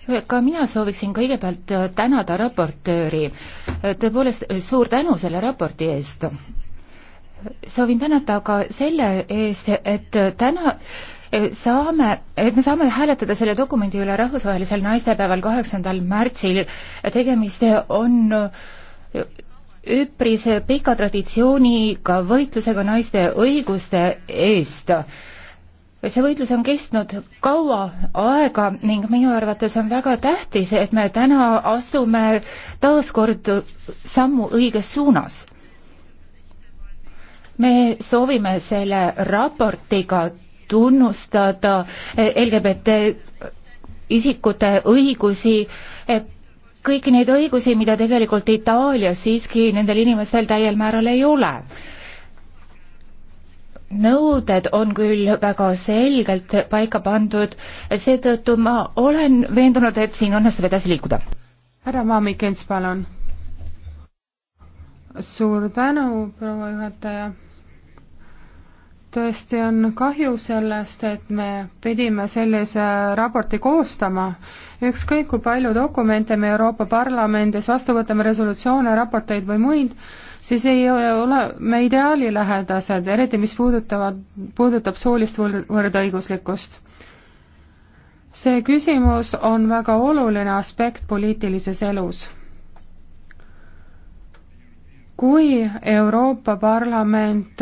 eh, ka mina sooviksin kõigepealt eh, tänada raportööri. tõepoolest suur tänu selle raporti eest. soovin tänada ka selle eest, et täna saame, et me saame hääletada selle dokumendi üle rahvusvahelisel naistepäeval, kaheksandal märtsil. tegemist on üpris pika traditsiooniga võitlusega naiste õiguste eest. see võitlus on kestnud kaua aega ning minu arvates on väga tähtis, et me täna astume taaskord sammu õiges suunas. me soovime selle raportiga tunnustada LGBT isikute õigusi, et kõiki neid õigusi, mida tegelikult Itaalias siiski nendel inimestel täiel määral ei ole. nõuded on küll väga selgelt paika pandud, seetõttu ma olen veendunud, et siin õnnestub edasi liikuda. härra Maamikens, palun. suur tänu, proua juhataja tõesti on kahju sellest, et me pidime sellise raporti koostama. ükskõik, kui palju dokumente me Euroopa Parlamendis vastu võtame, resolutsioone, raporteid või muid, siis ei ole me ideaalilähedased, eriti mis puudutavad, puudutab soolist võrdõiguslikkust. see küsimus on väga oluline aspekt poliitilises elus kui Euroopa Parlament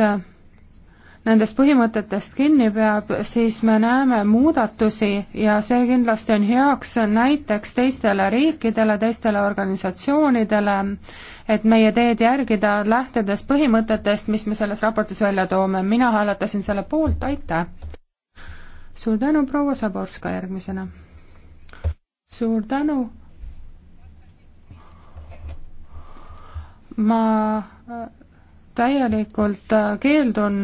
nendest põhimõtetest kinni peab, siis me näeme muudatusi ja see kindlasti on heaks näiteks teistele riikidele, teistele organisatsioonidele, et meie teed järgida, lähtudes põhimõtetest, mis me selles raportis välja toome. mina hääletasin selle poolt, aitäh! suur tänu, proua Saborska järgmisena! suur tänu! ma täielikult äh, keeldun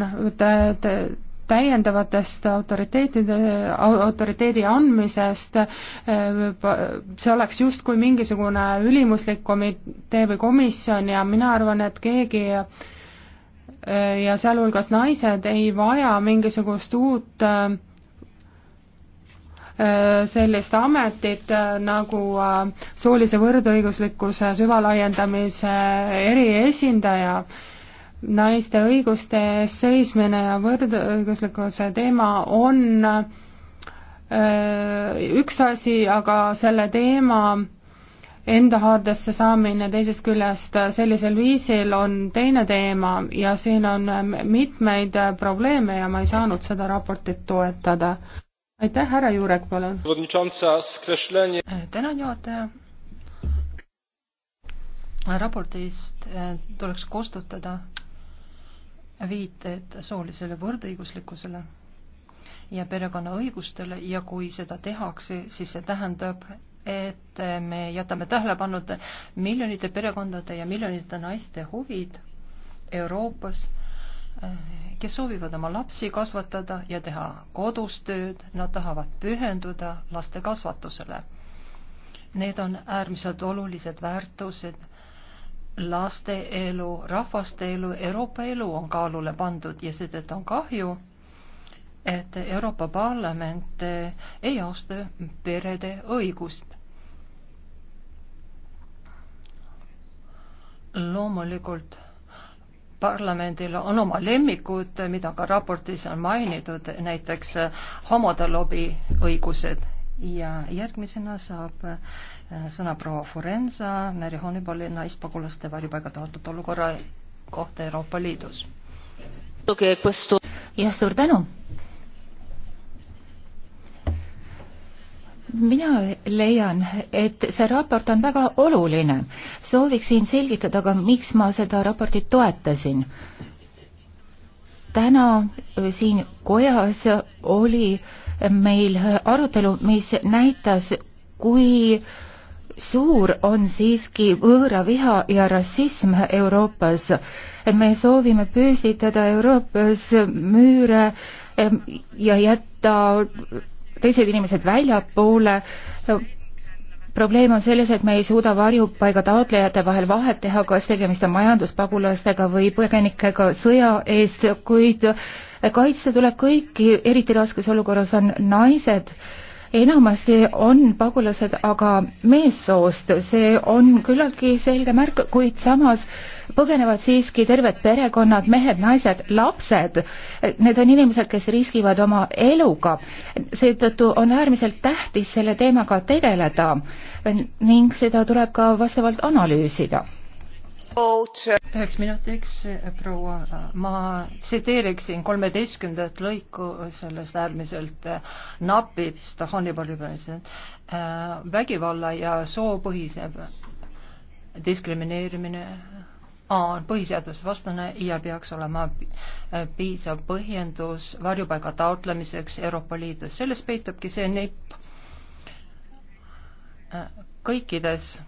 täiendavatest autoriteetide, autoriteedi andmisest, äh, see oleks justkui mingisugune ülimuslik komitee või komisjon ja mina arvan, et keegi äh, ja sealhulgas naised ei vaja mingisugust uut sellist ametit nagu soolise võrdõiguslikkuse süvalaiendamise eriesindaja naiste õiguste eest seismine ja võrdõiguslikkuse teema on äh, üks asi, aga selle teema enda haardesse saamine teisest küljest äh, sellisel viisil on teine teema ja siin on äh, mitmeid probleeme ja ma ei saanud seda raportit toetada. aitäh, härra Jurek, palun. tänan, juhataja. raportist tuleks kustutada viited soolisele võrdõiguslikkusele ja perekonna õigustele ja kui seda tehakse, siis see tähendab, et me jätame tähelepanuta miljonite perekondade ja miljonite naiste huvid Euroopas, kes soovivad oma lapsi kasvatada ja teha kodus tööd, nad tahavad pühenduda laste kasvatusele. Need on äärmiselt olulised väärtused laste elu, rahvaste elu, Euroopa elu on kaalule pandud ja seetõttu on kahju, et Euroopa Parlament ei austa perede õigust. loomulikult parlamendil on oma lemmikud, mida ka raportis on mainitud, näiteks homode lobi õigused ja järgmisena saab äh, Äh, sõna proua Forenza, Mary Honeybali naispagulaste varjupaiga taotud olukorra kohta Euroopa Liidus. jah, suur tänu. mina leian, et see raport on väga oluline. sooviksin selgitada ka, miks ma seda raportit toetasin. täna siin kojas oli meil arutelu, mis näitas, kui äh, suur on siiski võõra viha ja rassism Euroopas. me soovime püstitada Euroopas müüre ja jätta teised inimesed väljapoole. probleem on selles, et me ei suuda varjupaiga taotlejate vahel vahet teha, kas tegemist on majanduspagulastega või põgenikega sõja eest, kuid kaitsta tuleb kõiki, eriti raskes olukorras on naised enamasti on pagulased aga meessoost, see on küllaltki selge märk, kuid samas põgenevad siiski terved perekonnad, mehed, naised, lapsed. Need on inimesed, kes riskivad oma eluga. seetõttu on äärmiselt tähtis selle teemaga tegeleda ning seda tuleb ka vastavalt analüüsida üheks minutiks, eh, proua, eh, ma tsiteeriksin kolmeteistkümnendat lõiku sellest äärmiselt eh, napist Hannibali president. vägivalla ja soopõhise diskrimineerimine on põhiseadusvastane ja peaks olema piisav põhjendus varjupaiga taotlemiseks Euroopa Liidus. selles peitubki see nipp kõikides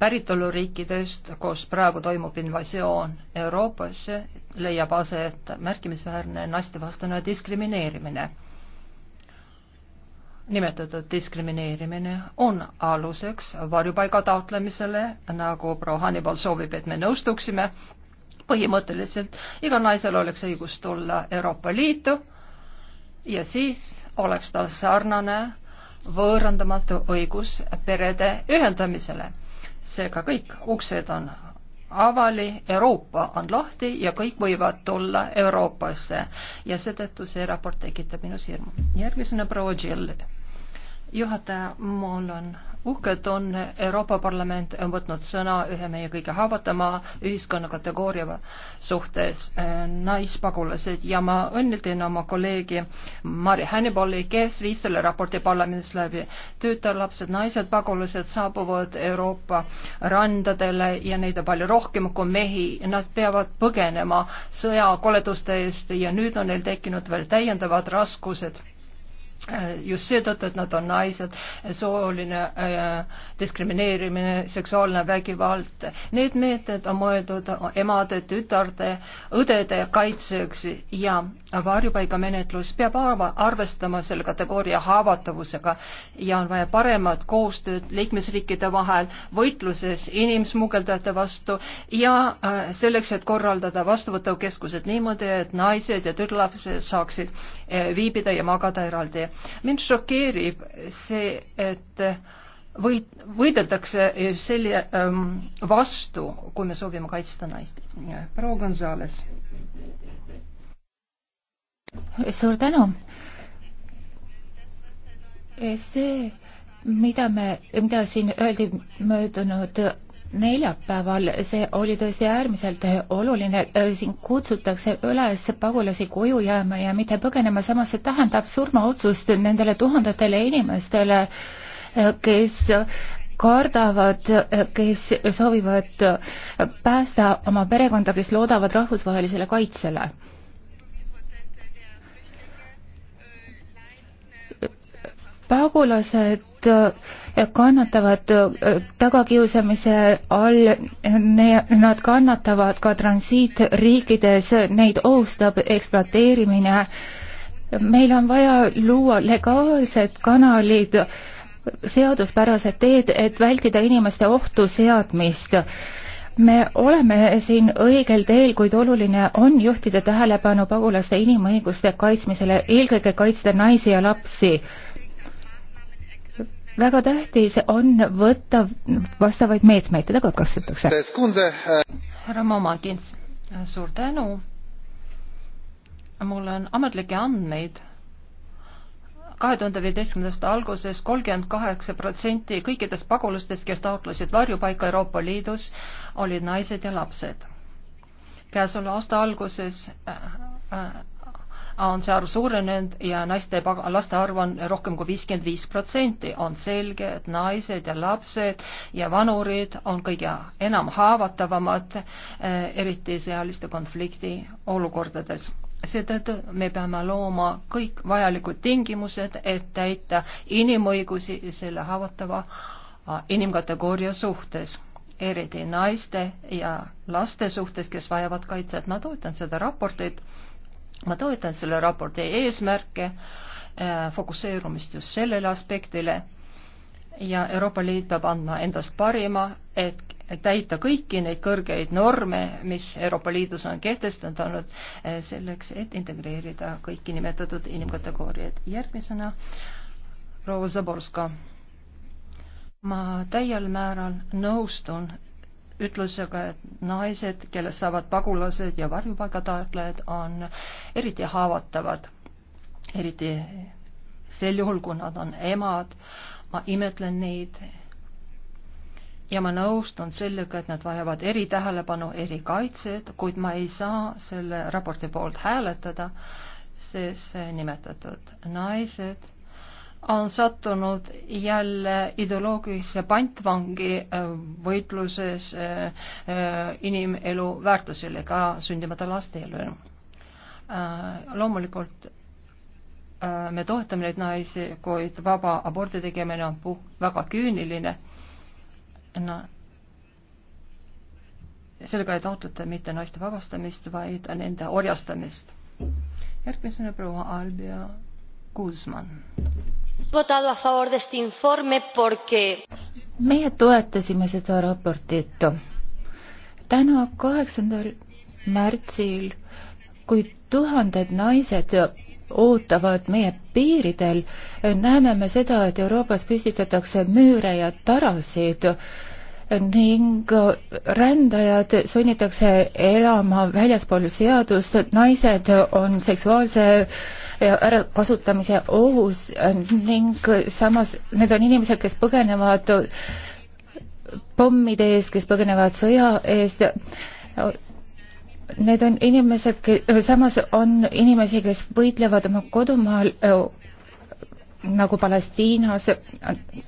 päritoluriikidest, kus praegu toimub invasioon Euroopasse, leiab aset märkimisväärne naistevastane diskrimineerimine. nimetatud diskrimineerimine on aluseks varjupaiga taotlemisele, nagu proua Hannibal soovib, et me nõustuksime. põhimõtteliselt igal naisel oleks õigus tulla Euroopa Liitu ja siis oleks tal sarnane võõrandamatu õigus perede ühendamisele seega kõik uksed on avali, Euroopa on lahti ja kõik võivad tulla Euroopasse ja seetõttu see raport tekitab minus hirmu. järgmisena proua Jill juhataja, mul on uhked on, Euroopa Parlament on võtnud sõna ühe meie kõige haavatama ühiskonnakategooria suhtes, äh, naispagulased ja ma õnnitlen oma kolleegi Mari Hannibali, kes viis selle raporti parlamendis läbi. tütarlapsed, naised, pagulased saabuvad Euroopa randadele ja neid on palju rohkem kui mehi, nad peavad põgenema sõjakoleduste eest ja nüüd on neil tekkinud veel täiendavad raskused Äh, just seetõttu, et nad on naised, sooline äh, diskrimineerimine, seksuaalne vägivald. Need meetmed on mõeldud emade, tütarde, õdede kaitseks ja varjupaigamenetlus peab arvestama selle kategooria haavatavusega ja on vaja paremat koostööd liikmesriikide vahel võitluses inimsmugeldajate vastu ja äh, selleks, et korraldada vastuvõtukeskused niimoodi, et naised ja tüdrlapsed saaksid äh, viibida ja magada eraldi mind šokeerib see, et võit, võideldakse selle ähm, vastu, kui me soovime kaitsta naist. proua Gonzales. suur tänu. see, mida me, mida siin öeldi möödunud neljapäeval, see oli tõesti äärmiselt oluline, äh, siin kutsutakse üles pagulasi koju jääma ja mitte põgenema, samas see tähendab surmaotsust nendele tuhandetele inimestele, äh, kes kardavad, äh, kes soovivad päästa oma perekonda, kes loodavad rahvusvahelisele kaitsele pagulased kes äh, kannatavad äh, tagakiusamise all, nad kannatavad ka transiitriikides, neid ohustab ekspluateerimine. meil on vaja luua legaalsed kanalid, seaduspärased teed, et vältida inimeste ohtu seadmist me oleme siin õigel teel, kuid oluline on juhtida tähelepanu pagulaste inimõiguste kaitsmisele, eelkõige kaitsta naisi ja lapsi väga tähtis on võtta vastavaid meetmeid, teda katkestatakse. Äh, härra Momagins, äh, suur tänu. mul on ametlikke andmeid kahe tuhande viieteistkümnendast alguses kolmkümmend kaheksa protsenti kõikidest pagulastest, kes taotlesid varjupaika Euroopa Liidus, olid naised ja lapsed. käesoleva aasta alguses äh, äh, on see arv suurenenud ja naiste ja laste arv on rohkem kui viiskümmend viis protsenti. on selge, et naised ja lapsed ja vanurid on kõige enam haavatavamad, eh, eriti sõjaliste konflikti olukordades seetõttu me peame looma kõik vajalikud tingimused, et täita inimõigusi selle haavatava ah, inimkategooria suhtes, eriti naiste ja laste suhtes, kes vajavad kaitset. ma toetan seda raportit ma toetan selle raporti eesmärke, äh, fokusseerumist just sellele aspektile ja Euroopa Liit peab andma endast parima, et täita kõiki neid kõrgeid norme, mis Euroopa Liidus on kehtestatud, äh, selleks, et integreerida kõiki nimetatud inimkategooriaid. järgmisena proua Zaborska. ma täiel määral nõustun ütlusega, et naised, kellest saavad pagulased ja varjupaigataotlejad, on eriti haavatavad, eriti sel juhul, kui nad on emad. ma imetlen neid ja ma nõustun sellega, et nad vajavad eritähelepanu, erikaitset, kuid ma ei saa selle raporti poolt hääletada, sest nimetatud naised on sattunud jälle ideoloogilisse pantvangi äh, võitluses äh, äh, inimelu väärtusele, ka sündimata laste elule. loomulikult me toetame neid naisi, kuid vaba abordi tegemine on puh-, väga küüniline. no sellega ei taotleta mitte naiste vabastamist, vaid nende orjastamist. järgmisena proua Albia Kuzman meie toetasime seda raportit. täna, kaheksandal märtsil, kui tuhanded naised ootavad meie piiridel, näeme me seda, et Euroopas püstitatakse müüre ja tarasid ning rändajad sunnitakse elama väljaspool seadust, naised on seksuaalse ärakasutamise ohus ning samas need on inimesed, kes põgenevad pommide eest, kes põgenevad sõja eest. Need on inimesed, samas on inimesi, kes võitlevad oma kodumaal nagu Palestiinas,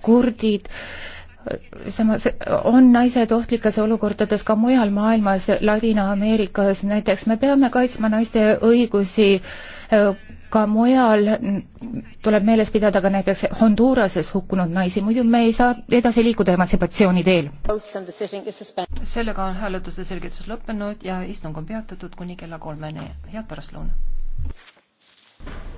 kurdid samas on naised ohtlikes olukordades ka mujal maailmas, Ladina-Ameerikas näiteks, me peame kaitsma naiste õigusi ka mujal tuleb meeles pidada ka näiteks Honduras'es hukkunud naisi, muidu me ei saa edasi liikuda emantsipatsiooni teel. sellega on hääletuse selgitus lõppenud ja istung on peatatud kuni kella kolmeni. head pärastlõunat!